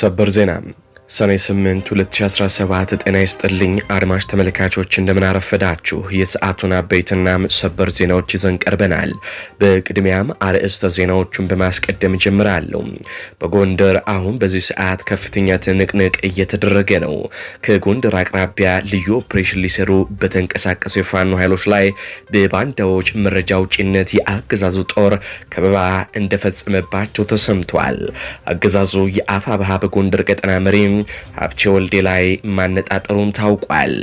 ሰበር ዜና ሰኔ 8 2017 ጤና ይስጥልኝ አድማጭ ተመልካቾች፣ እንደምናረፈዳችሁ የሰዓቱን አበይትና ሰበር ዜናዎች ይዘን ቀርበናል። በቅድሚያም አርዕስተ ዜናዎቹን በማስቀደም ጀምራለሁ። በጎንደር አሁን በዚህ ሰዓት ከፍተኛ ትንቅንቅ እየተደረገ ነው። ከጎንደር አቅራቢያ ልዩ ኦፕሬሽን ሊሰሩ በተንቀሳቀሱ የፋኖ ኃይሎች ላይ በባንዳዎች መረጃ ውጪነት የአገዛዙ ጦር ከበባ እንደፈጸመባቸው ተሰምቷል። አገዛዙ የአፋ ባሃ በጎንደር ቀጠና መሪም ሀብቴ ወልዴ ላይ ማነጣጠሩም ታውቋል።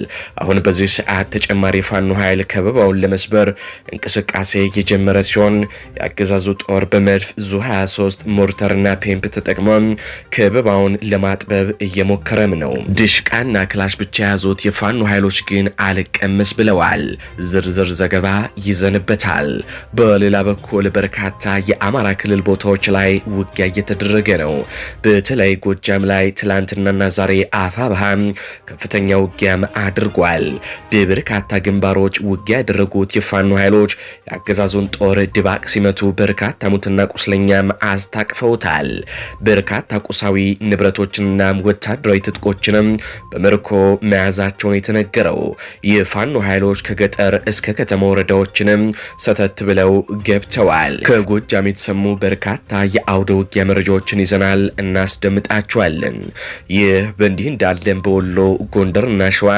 አሁን በዚህ ሰዓት ተጨማሪ የፋኖ ኃይል ከበባውን ለመስበር እንቅስቃሴ የጀመረ ሲሆን የአገዛዙ ጦር በመድፍ ዙ 23 ሞርተርና ፔምፕ ተጠቅሞ ከበባውን ለማጥበብ እየሞከረም ነው። ድሽቃና ክላሽ ብቻ የያዙት የፋኖ ኃይሎች ግን አልቀምስ ብለዋል። ዝርዝር ዘገባ ይዘንበታል። በሌላ በኩል በርካታ የአማራ ክልል ቦታዎች ላይ ውጊያ እየተደረገ ነው። በተለይ ጎጃም ላይ ትላንትና ትናንትናና ዛሬ አፋብሃ ከፍተኛ ውጊያም አድርጓል። በበርካታ ግንባሮች ውጊያ ያደረጉት የፋኖ ኃይሎች የአገዛዙን ጦር ድባቅ ሲመቱ በርካታ ሙትና ቁስለኛም አስታቅፈውታል። በርካታ ቁሳዊ ንብረቶችንና ወታደራዊ ትጥቆችንም በምርኮ መያዛቸውን የተነገረው የፋኖ ኃይሎች ከገጠር እስከ ከተማ ወረዳዎችንም ሰተት ብለው ገብተዋል። ከጎጃም የተሰሙ በርካታ የአውደ ውጊያ መረጃዎችን ይዘናል፣ እናስደምጣቸዋለን። ይህ በእንዲህ እንዳለም በወሎ ጎንደርና ሸዋ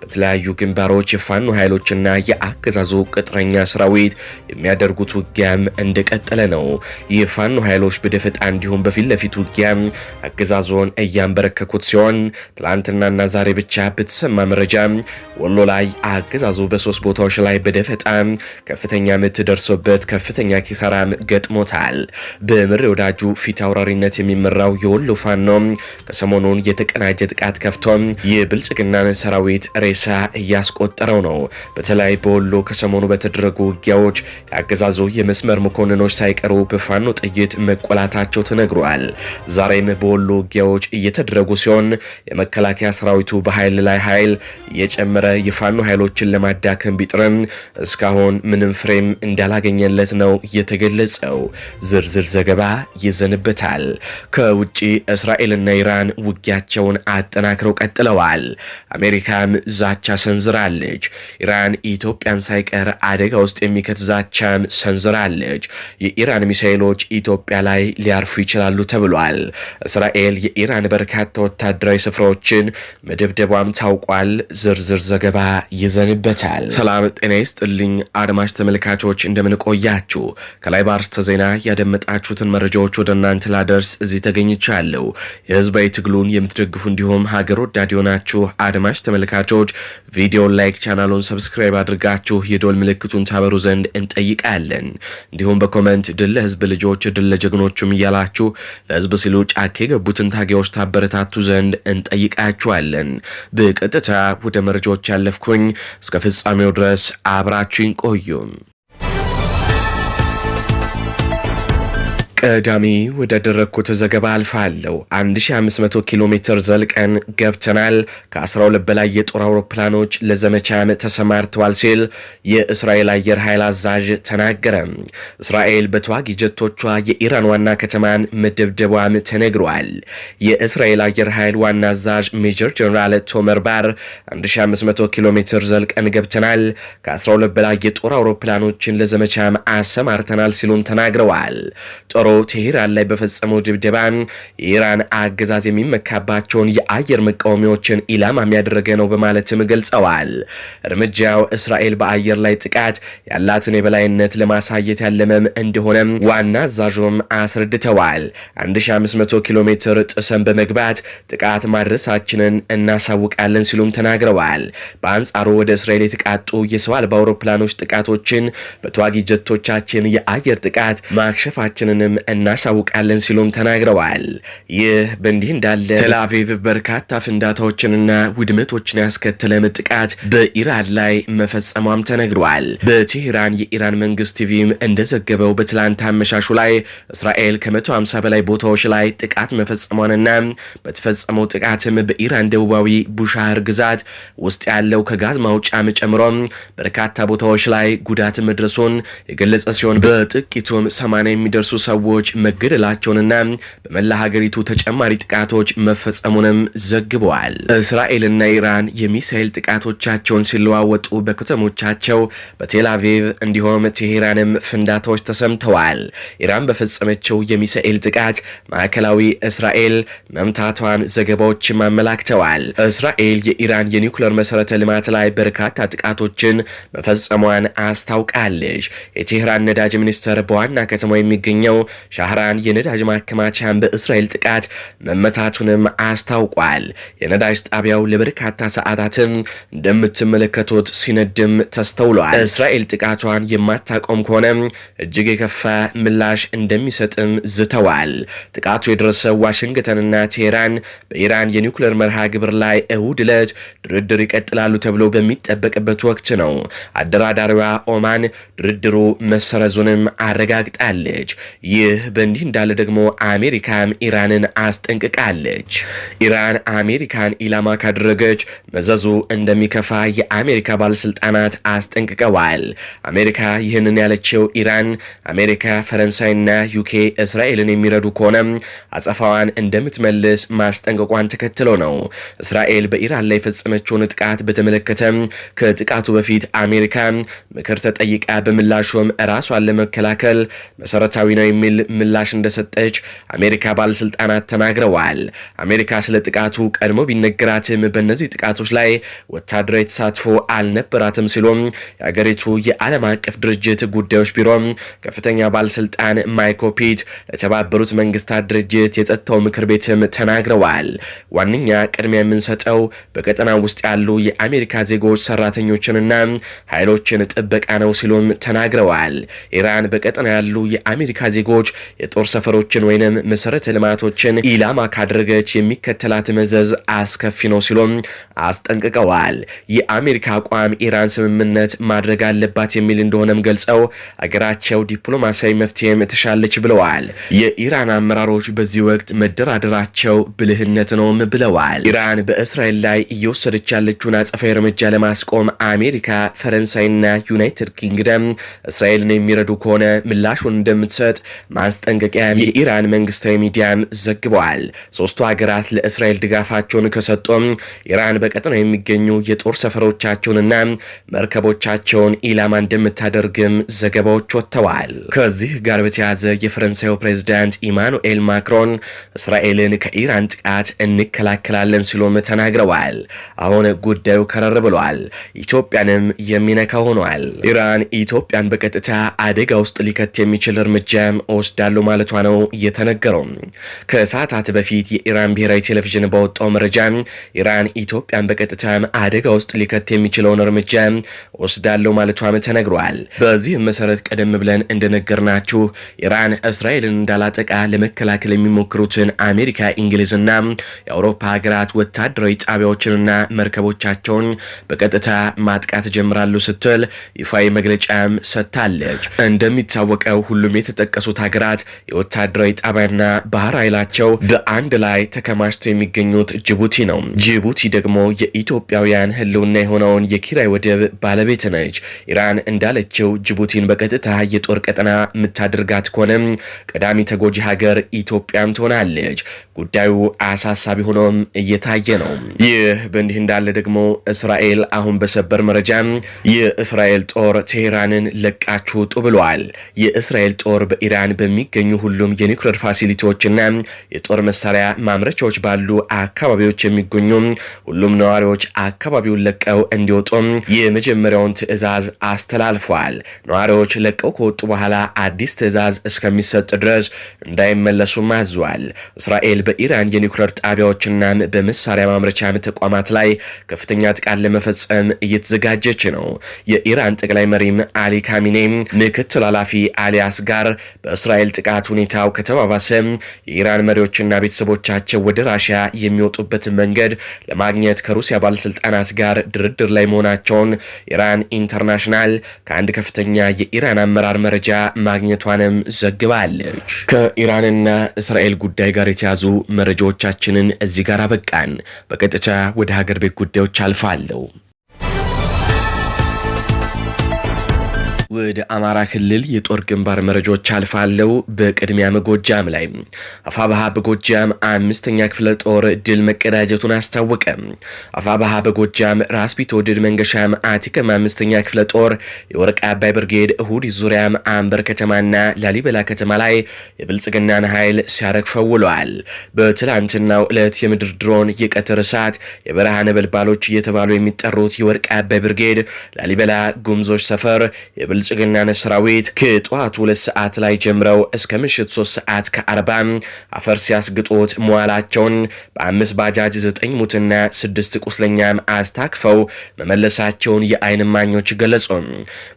በተለያዩ ግንባሮች የፋኖ ኃይሎችና የአገዛዙ ቅጥረኛ ሰራዊት የሚያደርጉት ውጊያም እንደቀጠለ ነው። የፋኖ ኃይሎች በደፈጣ እንዲሁም በፊት ለፊት ውጊያ አገዛዞን እያንበረከኩት ሲሆን ትላንትናና ዛሬ ብቻ በተሰማ መረጃ ወሎ ላይ አገዛዙ በሶስት ቦታዎች ላይ በደፈጣ ከፍተኛ ምት ደርሶበት ከፍተኛ ኪሳራም ገጥሞታል። በምሬ ወዳጁ ፊት አውራሪነት የሚመራው የወሎ ፋኖ ከሰሞኑን አሁን የተቀናጀ ጥቃት ከፍቶ የብልጽግናን ሰራዊት ሬሳ እያስቆጠረው ነው። በተለይ በወሎ ከሰሞኑ በተደረጉ ውጊያዎች የአገዛዙ የመስመር መኮንኖች ሳይቀሩ በፋኖ ጥይት መቆላታቸው ተነግሯል። ዛሬም በወሎ ውጊያዎች እየተደረጉ ሲሆን የመከላከያ ሰራዊቱ በኃይል ላይ ኃይል እየጨመረ የፋኖ ኃይሎችን ለማዳከም ቢጥርም እስካሁን ምንም ፍሬም እንዳላገኘለት ነው የተገለጸው። ዝርዝር ዘገባ ይዘንበታል። ከውጭ እስራኤልና ኢራን ውጊያቸውን አጠናክረው ቀጥለዋል። አሜሪካም ዛቻ ሰንዝራለች። ኢራን ኢትዮጵያን ሳይቀር አደጋ ውስጥ የሚከት ዛቻም ሰንዝራለች። የኢራን ሚሳይሎች ኢትዮጵያ ላይ ሊያርፉ ይችላሉ ተብሏል። እስራኤል የኢራን በርካታ ወታደራዊ ስፍራዎችን መደብደቧም ታውቋል። ዝርዝር ዘገባ ይዘንበታል። ሰላም ጤና ይስጥልኝ አድማጭ ተመልካቾች እንደምንቆያችሁ ከላይ በአርስተ ዜና ያደመጣችሁትን መረጃዎች ወደ እናንተ ላደርስ እዚህ ተገኝቻለሁ። የህዝባዊ ትግሉን የምትደግፉ እንዲሁም ሀገር ወዳድ የሆናችሁ አድማጭ ተመልካቾች ቪዲዮ ላይክ፣ ቻናሉን ሰብስክራይብ አድርጋችሁ የዶል ምልክቱን ታበሩ ዘንድ እንጠይቃለን። እንዲሁም በኮመንት ድል ለህዝብ ልጆች፣ ድል ለጀግኖቹም እያላችሁ ለህዝብ ሲሉ ጫካ የገቡትን ታጋዮች ታበረታቱ ዘንድ እንጠይቃችኋለን። በቀጥታ ወደ መረጃዎች ያለፍኩኝ፣ እስከ ፍጻሜው ድረስ አብራችሁ ቆዩ። ቀዳሚ ደረግኩት ዘገባ አልፋለሁ። 1500 ኪሎ ሜትር ዘልቀን ገብተናል። ከ12 በላይ የጦር አውሮፕላኖች ለዘመቻም ተሰማርተዋል ሲል የእስራኤል አየር ኃይል አዛዥ ተናገረ። እስራኤል በተዋጊ ጀቶቿ የኢራን ዋና ከተማን መደብደቧም ተነግሯል። የእስራኤል አየር ኃይል ዋና አዛዥ ሜጀር ጀኔራል ቶመር ባር 1500 ኪሎ ሜትር ዘልቀን ገብተናል። ከ12 በላይ የጦር አውሮፕላኖችን ለዘመቻም አሰማርተናል ሲሉም ተናግረዋል። ቴሄራን ላይ በፈጸመው ድብደባ የኢራን አገዛዝ የሚመካባቸውን የአየር መቃወሚያዎችን ኢላማም ያደረገ ነው በማለትም ገልጸዋል። እርምጃው እስራኤል በአየር ላይ ጥቃት ያላትን የበላይነት ለማሳየት ያለመም እንደሆነም ዋና አዛዡም አስረድተዋል። 1500 ኪሎ ሜትር ጥሰን በመግባት ጥቃት ማድረሳችንን እናሳውቃለን ሲሉም ተናግረዋል። በአንጻሩ ወደ እስራኤል የተቃጡ የሰው አልባ አውሮፕላኖች ጥቃቶችን በተዋጊ ጀቶቻችን የአየር ጥቃት ማክሸፋችንንም እናሳውቃለን ሲሉም ተናግረዋል። ይህ በእንዲህ እንዳለ ቴላቪቭ በርካታ ፍንዳታዎችንና ውድመቶችን ያስከተለም ጥቃት በኢራን ላይ መፈጸሟም ተነግሯል። በቴሄራን የኢራን መንግስት ቲቪም እንደዘገበው በትላንት አመሻሹ ላይ እስራኤል ከ150 በላይ ቦታዎች ላይ ጥቃት መፈጸሟንና በተፈጸመው ጥቃትም በኢራን ደቡባዊ ቡሻህር ግዛት ውስጥ ያለው ከጋዝ ማውጫም ጨምሮ በርካታ ቦታዎች ላይ ጉዳት መድረሱን የገለጸ ሲሆን በጥቂቱም ሰማንያ የሚደርሱ ሰዎች ሰዎች መገደላቸውንና በመላ ሀገሪቱ ተጨማሪ ጥቃቶች መፈጸሙንም ዘግበዋል። እስራኤልና ኢራን የሚሳኤል ጥቃቶቻቸውን ሲለዋወጡ በከተሞቻቸው በቴላቪቭ እንዲሁም ቴሄራንም ፍንዳታዎች ተሰምተዋል። ኢራን በፈጸመችው የሚሳኤል ጥቃት ማዕከላዊ እስራኤል መምታቷን ዘገባዎችም አመላክተዋል። እስራኤል የኢራን የኒውክለር መሰረተ ልማት ላይ በርካታ ጥቃቶችን መፈጸሟን አስታውቃለች። የቴሄራን ነዳጅ ሚኒስቴር በዋና ከተማ የሚገኘው ሻህራን የነዳጅ ማከማቻን በእስራኤል ጥቃት መመታቱንም አስታውቋል። የነዳጅ ጣቢያው ለበርካታ ሰዓታትም እንደምትመለከቱት ሲነድም ተስተውሏል። እስራኤል ጥቃቷን የማታቆም ከሆነ እጅግ የከፋ ምላሽ እንደሚሰጥም ዝተዋል። ጥቃቱ የደረሰው ዋሽንግተንና ቴሄራን በኢራን የኒውክሌር መርሃ ግብር ላይ እሁድ ዕለት ድርድር ይቀጥላሉ ተብሎ በሚጠበቅበት ወቅት ነው። አደራዳሪዋ ኦማን ድርድሩ መሰረዙንም አረጋግጣለች። ይህ ይህ በእንዲህ እንዳለ ደግሞ አሜሪካም ኢራንን አስጠንቅቃለች። ኢራን አሜሪካን ኢላማ ካደረገች መዘዙ እንደሚከፋ የአሜሪካ ባለስልጣናት አስጠንቅቀዋል። አሜሪካ ይህንን ያለችው ኢራን አሜሪካ፣ ፈረንሳይና ዩኬ እስራኤልን የሚረዱ ከሆነ አጸፋዋን እንደምትመልስ ማስጠንቀቋን ተከትሎ ነው። እስራኤል በኢራን ላይ የፈጸመችውን ጥቃት በተመለከተ ከጥቃቱ በፊት አሜሪካ ምክር ተጠይቃ በምላሹም ራሷን ለመከላከል መሰረታዊ ነው የሚል በሚል ምላሽ እንደሰጠች አሜሪካ ባለስልጣናት ተናግረዋል። አሜሪካ ስለ ጥቃቱ ቀድሞ ቢነገራትም በእነዚህ ጥቃቶች ላይ ወታደራዊ ተሳትፎ አልነበራትም ሲሎም የአገሪቱ የዓለም አቀፍ ድርጅት ጉዳዮች ቢሮ ከፍተኛ ባለስልጣን ማይኮፒት ለተባበሩት መንግስታት ድርጅት የጸጥታው ምክር ቤትም ተናግረዋል። ዋነኛ ቅድሚያ የምንሰጠው በቀጠና ውስጥ ያሉ የአሜሪካ ዜጎች ሰራተኞችንና ኃይሎችን ጥበቃ ነው ሲሉም ተናግረዋል። ኢራን በቀጠና ያሉ የአሜሪካ ዜጎች ኃይሎች የጦር ሰፈሮችን ወይንም መሰረተ ልማቶችን ኢላማ ካደረገች የሚከተላት መዘዝ አስከፊ ነው ሲሉም አስጠንቅቀዋል። የአሜሪካ አቋም ኢራን ስምምነት ማድረግ አለባት የሚል እንደሆነም ገልጸው አገራቸው ዲፕሎማሲያዊ መፍትሄም ትሻለች ብለዋል። የኢራን አመራሮች በዚህ ወቅት መደራደራቸው ብልህነት ነውም ብለዋል። ኢራን በእስራኤል ላይ እየወሰደች ያለችውን አጸፋዊ እርምጃ ለማስቆም አሜሪካ፣ ፈረንሳይና ዩናይትድ ኪንግደም እስራኤልን የሚረዱ ከሆነ ምላሹን እንደምትሰጥ ማስጠንቀቂያ የኢራን መንግስታዊ ሚዲያም ዘግበዋል። ሶስቱ ሀገራት ለእስራኤል ድጋፋቸውን ከሰጡም ኢራን በቀጠናው የሚገኙ የጦር ሰፈሮቻቸውንና መርከቦቻቸውን ኢላማ እንደምታደርግም ዘገባዎች ወጥተዋል። ከዚህ ጋር በተያያዘ የፈረንሳዩ ፕሬዚዳንት ኢማኑኤል ማክሮን እስራኤልን ከኢራን ጥቃት እንከላከላለን ሲሉም ተናግረዋል። አሁን ጉዳዩ ከረር ብሏል። ኢትዮጵያንም የሚነካ ሆኗል። ኢራን ኢትዮጵያን በቀጥታ አደጋ ውስጥ ሊከት የሚችል እርምጃም ወስዳለሁ ማለቷ ነው የተነገረው። ከሰዓታት በፊት የኢራን ብሔራዊ ቴሌቪዥን በወጣው መረጃ ኢራን ኢትዮጵያን በቀጥታ አደጋ ውስጥ ሊከት የሚችለውን እርምጃ ወስዳለው ማለቷም ተነግሯል። በዚህም መሰረት ቀደም ብለን እንደነገርናችሁ ኢራን እስራኤልን እንዳላጠቃ ለመከላከል የሚሞክሩትን አሜሪካ፣ እንግሊዝና የአውሮፓ ሀገራት ወታደራዊ ጣቢያዎችንና መርከቦቻቸውን በቀጥታ ማጥቃት ጀምራሉ ስትል ይፋዊ መግለጫም ሰጥታለች። እንደሚታወቀው ሁሉም የተጠቀሱት ሀገራት የወታደራዊ ጣቢያና ባህር ኃይላቸው በአንድ ላይ ተከማችቶ የሚገኙት ጅቡቲ ነው። ጅቡቲ ደግሞ የኢትዮጵያውያን ህልውና የሆነውን የኪራይ ወደብ ባለቤት ነች። ኢራን እንዳለችው ጅቡቲን በቀጥታ የጦር ቀጠና የምታደርጋት ከሆነም ቀዳሚ ተጎጂ ሀገር ኢትዮጵያም ትሆናለች። ጉዳዩ አሳሳቢ ሆኖም እየታየ ነው። ይህ በእንዲህ እንዳለ ደግሞ እስራኤል አሁን በሰበር መረጃ የእስራኤል ጦር ቴሄራንን ለቃችሁ ውጡ ብሏል። የእስራኤል ጦር በኢራን በሚገኙ ሁሉም የኒውክሌር ፋሲሊቲዎችና የጦር መሳሪያ ማምረቻዎች ባሉ አካባቢዎች የሚገኙ ሁሉም ነዋሪዎች አካባቢውን ለቀው እንዲወጡም የመጀመሪያውን ትዕዛዝ አስተላልፏል። ነዋሪዎች ለቀው ከወጡ በኋላ አዲስ ትዕዛዝ እስከሚሰጥ ድረስ እንዳይመለሱም አዟል። እስራኤል በኢራን የኒውክሌር ጣቢያዎችና በመሳሪያ ማምረቻ ተቋማት ላይ ከፍተኛ ጥቃት ለመፈጸም እየተዘጋጀች ነው። የኢራን ጠቅላይ መሪም አሊ ካሚኔ ምክትል ኃላፊ አሊያስ ጋር በእስራ የእስራኤል ጥቃት ሁኔታው ከተባባሰ የኢራን መሪዎችና ቤተሰቦቻቸው ወደ ራሽያ የሚወጡበትን መንገድ ለማግኘት ከሩሲያ ባለስልጣናት ጋር ድርድር ላይ መሆናቸውን ኢራን ኢንተርናሽናል ከአንድ ከፍተኛ የኢራን አመራር መረጃ ማግኘቷንም ዘግባለች። ከኢራንና እስራኤል ጉዳይ ጋር የተያዙ መረጃዎቻችንን እዚህ ጋር አበቃን። በቀጥታ ወደ ሀገር ቤት ጉዳዮች አልፋለሁ። ወደ አማራ ክልል የጦር ግንባር መረጃዎች አልፋለው። በቅድሚያ መጎጃም ላይ አፋባሃ በጎጃም አምስተኛ ክፍለ ጦር ድል መቀዳጀቱን አስታወቀ። አፋባሃ በጎጃም ራስ ቢትወደድ መንገሻም አቲከም አምስተኛ ክፍለ ጦር የወርቅ አባይ ብርጌድ እሁድ ዙሪያም አንበር ከተማና ላሊበላ ከተማ ላይ የብልጽግናን ኃይል ሲያረግፈው ውለዋል። በትላንትናው ዕለት የምድር ድሮን፣ የቀትር እሳት፣ የበረሃ ነበልባሎች እየተባሉ የሚጠሩት የወርቅ አባይ ብርጌድ ላሊበላ ጉምዞች ሰፈር የብልጽግናን ሰራዊት ከጠዋት ሁለት ሰዓት ላይ ጀምረው እስከ ምሽት ሶስት ሰዓት ከአርባ አፈር ሲያስግጡት መዋላቸውን በአምስት ባጃጅ ዘጠኝ ሙትና ስድስት ቁስለኛም አስታክፈው መመለሳቸውን የአይን ማኞች ገለጹ።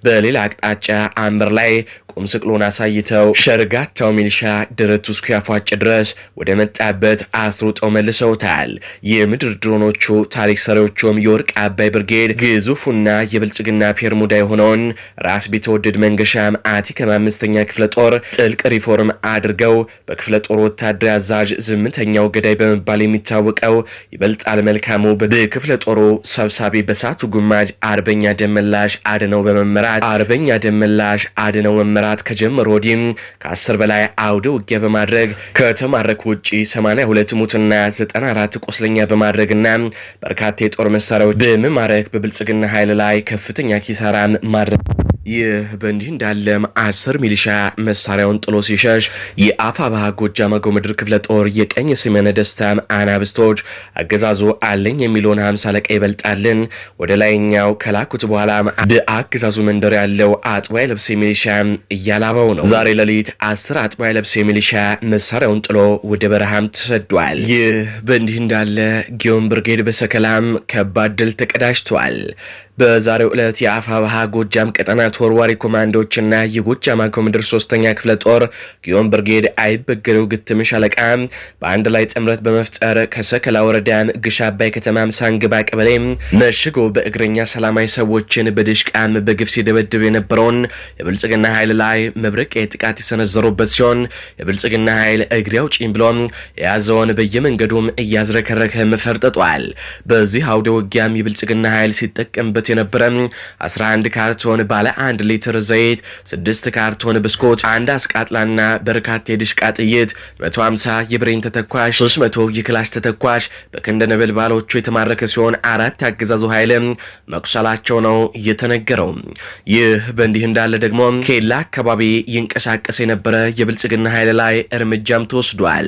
በሌላ አቅጣጫ አምበር ላይ ቁም ስቅሎን አሳይተው ሸርጋታው ሚሊሻ ደረቱ እስኪያፏጭ ድረስ ወደ መጣበት አስሩጠው መልሰውታል። የምድር ድሮኖቹ ታሪክ ሰሪዎቹም የወርቅ አባይ ብርጌድ ግዙፉና የብልጽግና ፔርሙዳ የሆነውን ራስ ቢትወደድ መንገሻም አቲከም አምስተኛ ክፍለ ጦር ጥልቅ ሪፎርም አድርገው በክፍለ ጦር ወታደር አዛዥ ዝምተኛው ገዳይ በመባል የሚታወቀው ይበልጣል መልካሙ በክፍለ ጦሩ ሰብሳቢ በሳቱ ጉማጅ አርበኛ ደመላሽ አድነው በመመራት አርበኛ ደመላሽ አድነው መመራት ከጀመሩ ወዲህም ከ10 በላይ አውደ ውጊያ በማድረግ ከተማረኩ ውጭ 82 ሙትና 94 ቁስለኛ በማድረግና በርካታ የጦር መሳሪያዎች በመማረክ በብልጽግና ኃይል ላይ ከፍተኛ ኪሳራን ማድረግ ይህ በእንዲህ እንዳለም አስር ሚሊሻ መሳሪያውን ጥሎ ሲሸሽ ጎጃ መጎ ምድር ክፍለ ጦር የቀኝ ስሜነ ደስታም አናብስቶች አገዛዙ አለኝ የሚለውን ሀምሳ አለቃ ይበልጣልን ወደ ላይኛው ከላኩት በኋላ በአገዛዙ መንደር ያለው አጥባይ ለብሴ ሚሊሻ እያላበው ነው። ዛሬ ሌሊት አስር አጥባይ ለብሴ ሚሊሻ መሳሪያውን ጥሎ ወደ በረሃም ተሰዷል። ይህ በእንዲህ እንዳለ ጊዮን ብርጌድ በሰከላም ከባድ ድል ተቀዳጅቷል። በዛሬው ዕለት ባሃ ጎጃም ቀጠና ተወርዋሪ ኮማንዶዎችና የጎጃም አገው ምድር ሶስተኛ ክፍለ ጦር ጊዮን ብርጌድ አይበገሬው ግትም ሻለቃ በአንድ ላይ ጥምረት በመፍጠር ከሰከላ ወረዳ ግሽ አባይ ከተማ ሳንግባ ቀበሌ መሽጎ በእግረኛ ሰላማዊ ሰዎችን በድሽቃም በግፍ ሲደበድብ የነበረውን የብልጽግና ኃይል ላይ መብረቂያ ጥቃት የሰነዘሩበት ሲሆን የብልጽግና ኃይል እግሬ አውጪኝ ብሎ የያዘውን በየመንገዱም እያዝረከረከ ፈርጥጧል። በዚህ አውደ ውጊያም የብልጽግና ኃይል ሲጠቀምበት ይገኝበት የነበረ 11 ካርቶን ባለ 1 ሊትር ዘይት፣ 6 ካርቶን ብስኮት፣ አንድ አስቃጥላና በርካታ የድሽቃ ጥይት፣ 150 የብሬን ተተኳሽ፣ 300 የክላሽ ተተኳሽ በክንደ ነበልባሎቹ የተማረከ ሲሆን አራት ያገዛዙ ኃይል መቁሰላቸው ነው የተነገረው። ይህ በእንዲህ እንዳለ ደግሞ ኬላ አካባቢ ይንቀሳቀስ የነበረ የብልጽግና ኃይል ላይ እርምጃም ተወስዷል።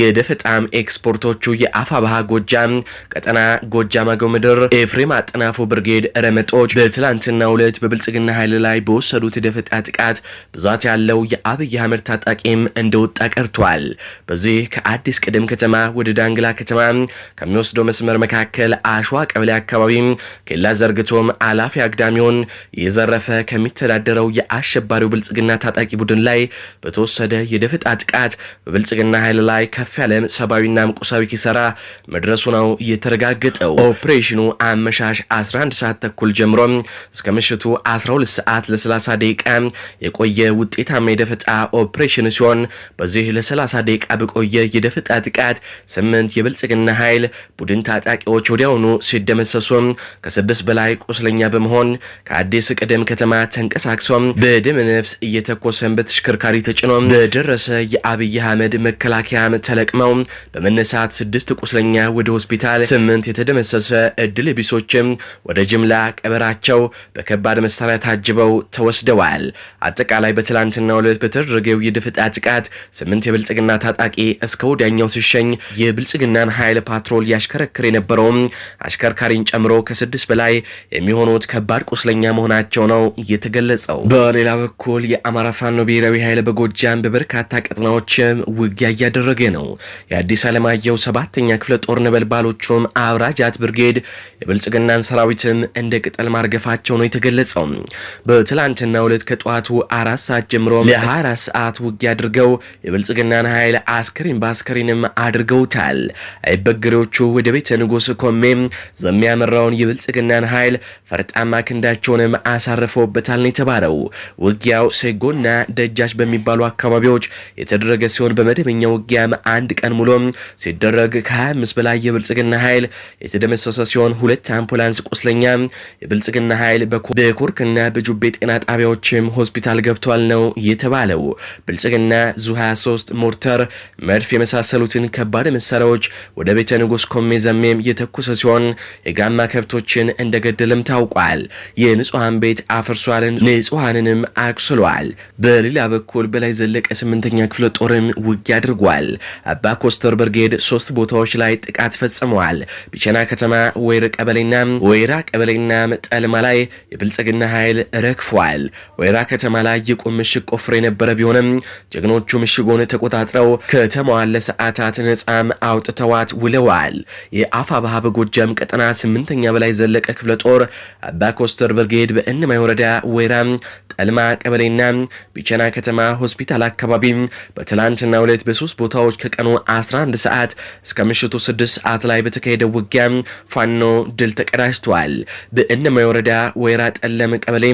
የደፈጣም ኤክስፖርቶቹ የአፋ ባህ ጎጃም ቀጠና ጎጃም አገው ምድር ኤፍሬም አጥናፉ ብርጌድ ረመጦች በትላንትና ሁለት በብልጽግና ኃይል ላይ በወሰዱት የደፈጣ ጥቃት ብዛት ያለው የአብይ አህመድ ታጣቂም እንደወጣ ቀርቷል። በዚህ ከአዲስ ቅድም ከተማ ወደ ዳንግላ ከተማ ከሚወስደው መስመር መካከል አሸዋ ቀበሌ አካባቢ ኬላ ዘርግቶም አላፊ አግዳሚውን የዘረፈ ከሚተዳደረው የአሸባሪው ብልጽግና ታጣቂ ቡድን ላይ በተወሰደ የደፈጣ ጥቃት በብልጽግና ኃይል ላይ ከፍ ያለ ሰብአዊና ቁሳዊ ኪሰራ መድረሱ ነው የተረጋገጠው። ኦፕሬሽኑ አመሻሽ 11 ሰዓት ተኩል ጀምሮ እስከ ምሽቱ 12 ሰዓት ለ30 ደቂቃ የቆየ ውጤታማ የደፈጣ ኦፕሬሽን ሲሆን በዚህ ለ30 ደቂቃ በቆየ የደፈጣ ጥቃት ስምንት የብልጽግና ኃይል ቡድን ታጣቂዎች ወዲያውኑ ሲደመሰሱ ከስድስት በላይ ቁስለኛ በመሆን ከአዲስ ቅደም ከተማ ተንቀሳቅሶ በደም ነፍስ እየተኮሰን በተሽከርካሪ ተጭኖ በደረሰ የአብይ አህመድ መከላከያ ተለቅመው በመነሳት ስድስት ቁስለኛ ወደ ሆስፒታል፣ ስምንት የተደመሰሰ እድል ቢሶችም ወደ ጅምላ ቀበራቸው በከባድ መሳሪያ ታጅበው ተወስደዋል። አጠቃላይ በትላንትናው ዕለት በተደረገው የድፍጣ ጥቃት ስምንት የብልጽግና ታጣቂ እስከ ወዲያኛው ሲሸኝ የብልጽግናን ኃይል ፓትሮል ያሽከረክር የነበረውም አሽከርካሪን ጨምሮ ከስድስት በላይ የሚሆኑት ከባድ ቁስለኛ መሆናቸው ነው እየተገለጸው በሌላ በኩል የአማራ ፋኖ ብሔራዊ ኃይል በጎጃም በበርካታ ቀጠናዎችም ውጊያ እያደረገ ነው። የአዲስ አለማየሁ ሰባተኛ ክፍለ ጦር ነበልባሎቹም አብራጃት ብርጌድ የብልጽግናን ሰራዊትም እንደ ቅጠል ማርገፋቸው ነው የተገለጸው። በትላንትና ሁለት ከጠዋቱ አራት ሰዓት ጀምሮ ለ24 ሰዓት ውጊያ አድርገው የብልጽግናን ኃይል አስከሬን በአስከሬንም አድርገውታል። አይበገሬዎቹ ወደ ቤተ ንጉስ ኮሜ የሚያመራውን የብልጽግናን ኃይል ፈርጣማ ክንዳቸውንም አሳርፈውበታል ነው የተባለው። ውጊያው ሴጎና ደጃች በሚባሉ አካባቢዎች የተደረገ ሲሆን በመደበኛ ውጊያም አንድ ቀን ሙሎ ሲደረግ ከ25 በላይ የብልጽግና ኃይል የተደመሰሰ ሲሆን ሁለት አምቡላንስ ቁስለኛ የብልጽግና ኃይል በኮርክና በጁቤ ጤና ጣቢያዎችም ሆስፒታል ገብቷል ነው የተባለው። ብልጽግና ዙ 23 ሞርተር፣ መድፍ የመሳሰሉትን ከባድ መሳሪያዎች ወደ ቤተ ንጉሥ ኮሜ ዘሜም የተኮሰ ሲሆን የጋማ ከብቶችን እንደገደለም ታውቋል። የንጹሐን ቤት አፍርሷልን፣ ንጹሐንንም አቁስሏል። በሌላ በኩል በላይ ዘለቀ ስምንተኛ ክፍለ ጦርም ውጊያ አድርጓል። አባ ኮስተር ብርጌድ ሶስት ቦታዎች ላይ ጥቃት ፈጽመዋል። ቢቸና ከተማ ወይር ቀበሌና ወይራ ቀበሌና ሸለቆና ጠልማ ላይ የብልጽግና ኃይል ረግፏል። ወይራ ከተማ ላይ የቁም ምሽግ ቆፍሮ የነበረ ቢሆንም ጀግኖቹ ምሽጎን ተቆጣጥረው ከተማዋን ለሰዓታት ነጻም አውጥተዋት ውለዋል። የአፋ ባሃ ጎጃም ቀጠና ስምንተኛ በላይ ዘለቀ ክፍለ ጦር አባ ኮስተር ብርጌድ በእነማይ ወረዳ ወይራ ጠልማ ቀበሌና ቢቸና ከተማ ሆስፒታል አካባቢ በትላንትና ሁለት በሶስት ቦታዎች ከቀኑ 11 ሰዓት እስከ ምሽቱ 6 ሰዓት ላይ በተካሄደው ውጊያ ፋኖ ድል ተቀዳጅቷል። በእነማ ወረዳ ወይራ ጠለም ቀበሌ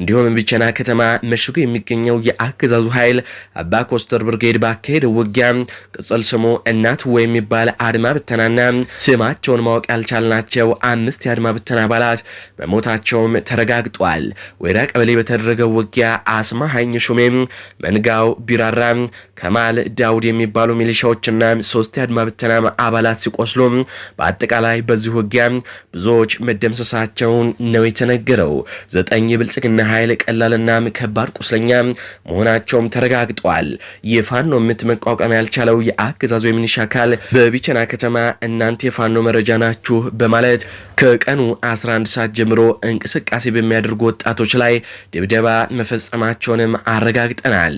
እንዲሁም ብቸና ከተማ መሽጎ የሚገኘው የአገዛዙ ኃይል አባ ኮስተር ብርጌድ ባካሄደው ውጊያ ቅጽል ስሙ እናት ወይ የሚባል አድማ ብተናና ስማቸውን ማወቅ ያልቻልናቸው አምስት የአድማ ብተና አባላት በሞታቸውም ተረጋግጧል። ወይራ ቀበሌ በተደረገው ውጊያ አስማ ሀኝ ሹሜ፣ መንጋው ቢራራ፣ ከማል ዳውድ የሚባሉ ሚሊሻዎችና ሶስት የአድማ ብተና አባላት ሲቆስሉ በአጠቃላይ በዚህ ውጊያ ብዙዎች መደምሰሳቸው መሆናቸውን ነው የተነገረው። ዘጠኝ የብልጽግና ኃይል ቀላልና ከባድ ቁስለኛ መሆናቸውም ተረጋግጧል። የፋኖ ምት መቋቋም ያልቻለው የአገዛዙ የሚኒሻ አካል በቢቸና ከተማ እናንተ የፋኖ መረጃ ናችሁ በማለት ከቀኑ 11 ሰዓት ጀምሮ እንቅስቃሴ በሚያደርጉ ወጣቶች ላይ ድብደባ መፈጸማቸውንም አረጋግጠናል።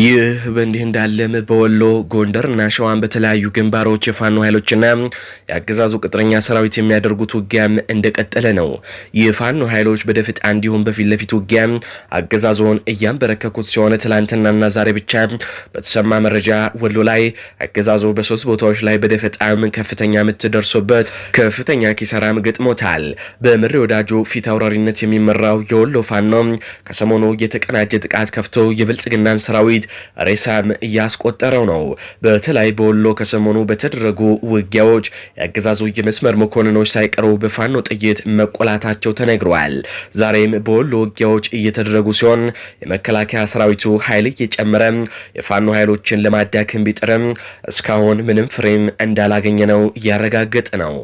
ይህ በእንዲህ እንዳለም በወሎ ጎንደርና ሸዋን በተለያዩ ግንባሮች የፋኖ ኃይሎችና የአገዛዙ ቅጥረኛ ሰራዊት የሚያደርጉት ውጊያም እንደቀጠለ ነው። የፋኖ ኃይሎች በደፈጣ እንዲሁም በፊት ለፊት ውጊያ አገዛዞን እያንበረከኩት ሲሆን ትላንትናና ዛሬ ብቻ በተሰማ መረጃ ወሎ ላይ አገዛዞ በሶስት ቦታዎች ላይ በደፈጣም ከፍተኛ ምት ደርሶበት ከፍተኛ ኪሳራም ገጥሞታል። በምሬ ወዳጁ ፊት አውራሪነት የሚመራው የወሎ ፋኖ ከሰሞኑ የተቀናጀ ጥቃት ከፍቶ የብልጽግናን ሰራዊት ሬሳም እያስቆጠረው ነው። በተለይ በወሎ ከሰሞኑ በተደረጉ ውጊያዎች የአገዛዙ የመስመር መኮንኖች ሳይቀሩ በፋኖ ጥይት መቆላታቸው ተነግረዋል። ዛሬም በወሎ ውጊያዎች እየተደረጉ ሲሆን የመከላከያ ሰራዊቱ ኃይል እየጨመረ የፋኖ ኃይሎችን ለማዳከም ቢጥርም እስካሁን ምንም ፍሬም እንዳላገኘ ነው እያረጋገጠ ነው።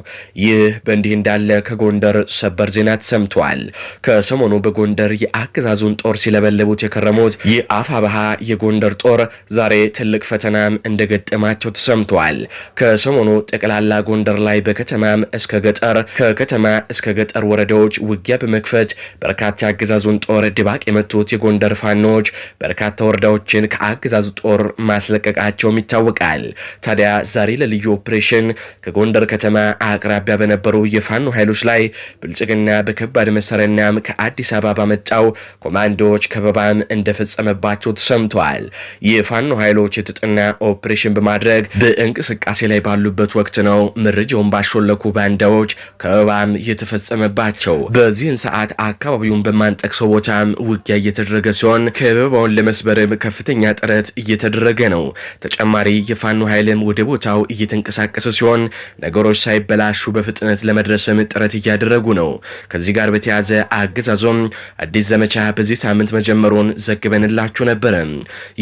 ይህ በእንዲህ እንዳለ ከጎንደር ሰበር ዜና ተሰምቷል። ከሰሞኑ በጎንደር የአገዛዙን ጦር ሲለበለቡት የከረሙት የአፋ ባሃ የጎን የጎንደር ጦር ዛሬ ትልቅ ፈተናም እንደገጠማቸው ተሰምቷል። ከሰሞኑ ጠቅላላ ጎንደር ላይ በከተማም እስከ ገጠር ከከተማ እስከ ገጠር ወረዳዎች ውጊያ በመክፈት በርካታ የአገዛዙን ጦር ድባቅ የመቱት የጎንደር ፋኖች በርካታ ወረዳዎችን ከአገዛዙ ጦር ማስለቀቃቸውም ይታወቃል። ታዲያ ዛሬ ለልዩ ኦፕሬሽን ከጎንደር ከተማ አቅራቢያ በነበሩ የፋኖ ኃይሎች ላይ ብልጽግና በከባድ መሳሪያናም ከአዲስ አበባ መጣው ኮማንዶዎች ከበባም እንደፈጸመባቸው ተሰምተዋል። ተናግረዋል። የፋኖ ኃይሎች የተጠና ኦፕሬሽን በማድረግ በእንቅስቃሴ ላይ ባሉበት ወቅት ነው መረጃውን ባሾለኩ ባንዳዎች ከበባም የተፈጸመባቸው። በዚህን ሰዓት አካባቢውን በማንጠቅሰው ቦታም ውጊያ እየተደረገ ሲሆን ከበባውን ለመስበርም ከፍተኛ ጥረት እየተደረገ ነው። ተጨማሪ የፋኖ ኃይልም ወደ ቦታው እየተንቀሳቀሰ ሲሆን ነገሮች ሳይበላሹ በፍጥነት ለመድረስም ጥረት እያደረጉ ነው። ከዚህ ጋር በተያያዘ አገዛዞም አዲስ ዘመቻ በዚህ ሳምንት መጀመሩን ዘግበንላችሁ ነበረ።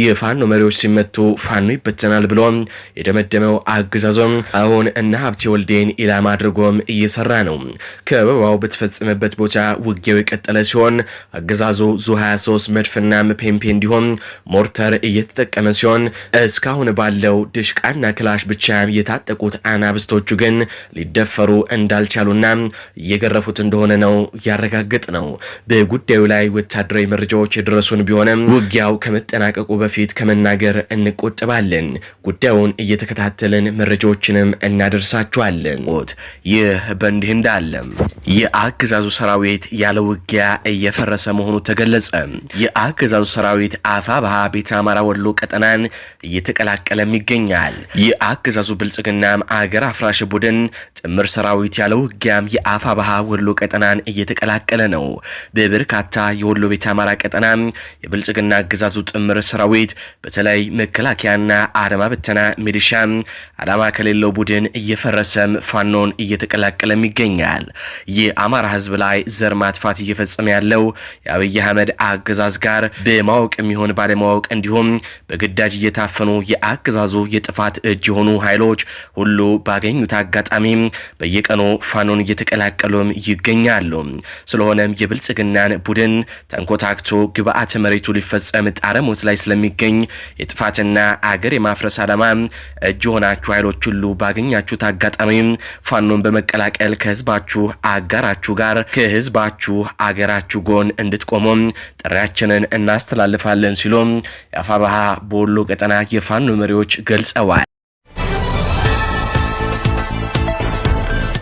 የፋኖ መሪዎች ሲመቱ ፋኖ ይበተናል ብሎ የደመደመው አገዛዞም አሁን እነ ሀብቴ ወልዴን ኢላማ አድርጎም እየሰራ ነው። ከበባው በተፈጸመበት ቦታ ውጊያው የቀጠለ ሲሆን አገዛዙ ዙ 23 መድፍና ፔምፔ እንዲሁም ሞርተር እየተጠቀመ ሲሆን እስካሁን ባለው ድሽቃና ክላሽ ብቻ የታጠቁት አናብስቶቹ ግን ሊደፈሩ እንዳልቻሉና እየገረፉት እንደሆነ ነው ያረጋግጥ ነው። በጉዳዩ ላይ ወታደራዊ መረጃዎች የደረሱን ቢሆንም ውጊያው ከመጠናቀቁ በፊት ከመናገር እንቆጠባለን። ጉዳዩን እየተከታተልን መረጃዎችንም እናደርሳችኋለን። ት ይህ በእንዲህ እንዳለም የአገዛዙ ሰራዊት ያለ ውጊያ እየፈረሰ መሆኑ ተገለጸ። የአገዛዙ ሰራዊት ባሃ ቤተ አማራ ወሎ ቀጠናን እየተቀላቀለም ይገኛል። የአገዛዙ ብልጽግናም አገር አፍራሽ ቡድን ጥምር ሰራዊት ያለ ውጊያም ባሃ ወሎ ቀጠናን እየተቀላቀለ ነው። በበርካታ የወሎ ቤተ አማራ ቀጠና የብልጽግና አገዛዙ ጥምር ስራ ሰራዊት በተለይ መከላከያና አድማ ብተና ሚሊሻ አላማ ከሌለው ቡድን እየፈረሰም ፋኖን እየተቀላቀለም ይገኛል። የአማራ ህዝብ ላይ ዘር ማጥፋት እየፈጸመ ያለው የአብይ አህመድ አገዛዝ ጋር በማወቅ የሚሆን ባለማወቅ እንዲሁም በግዳጅ እየታፈኑ የአገዛዙ የጥፋት እጅ የሆኑ ኃይሎች ሁሉ ባገኙት አጋጣሚ በየቀኑ ፋኖን እየተቀላቀሉም ይገኛሉ። ስለሆነም የብልጽግናን ቡድን ተንኮታክቶ ግብአተ መሬቱ ሊፈጸም ጣረሞት ላይ ስለ ስለሚገኝ የጥፋትና አገር የማፍረስ ዓላማ እጅ የሆናችሁ ኃይሎች ሁሉ ባገኛችሁት አጋጣሚ ፋኖን በመቀላቀል ከህዝባችሁ አጋራችሁ ጋር ከህዝባችሁ አገራችሁ ጎን እንድትቆሙ ጥሪያችንን እናስተላልፋለን ሲሉ የአፋባሃ በወሎ ቀጠና የፋኖ መሪዎች ገልጸዋል።